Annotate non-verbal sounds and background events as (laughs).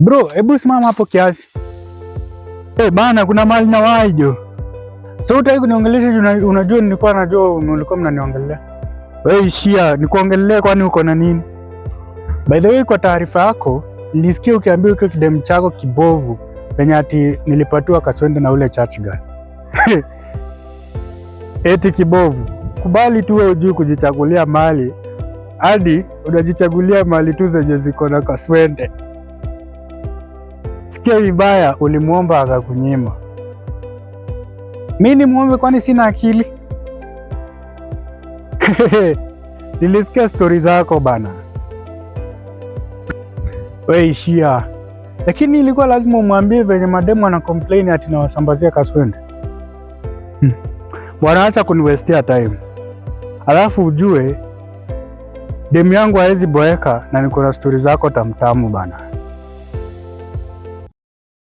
Bro, hebu simama hapo kiasi. Hey, eh, bana kuna mali na waijo. So utaki kuniongelesha, unajua nilikuwa najua ulikuwa mnaniongelea. Wewe ishia, nikuongelea kwani uko na nini? By the way, kwa taarifa yako, nilisikia ukiambia uko kidemu chako kibovu penye ati nilipatiwa kaswende na ule church guy. (laughs) Eti kibovu. Kubali tu wewe ujui kujichagulia mali hadi unajichagulia mali tu zenye ziko na kaswende ukisikia vibaya, ulimwomba akakunyima. Mi ni muombe? Kwani sina akili? (laughs) Nilisikia stori zako bana, weishia lakini ilikuwa lazima umwambie venye mademu ana complain ati nawasambazia kaswende. Hmm. Bwana, acha kuniwestia time, alafu ujue demu yangu hawezi boeka na niko na stori zako tamtamu bana.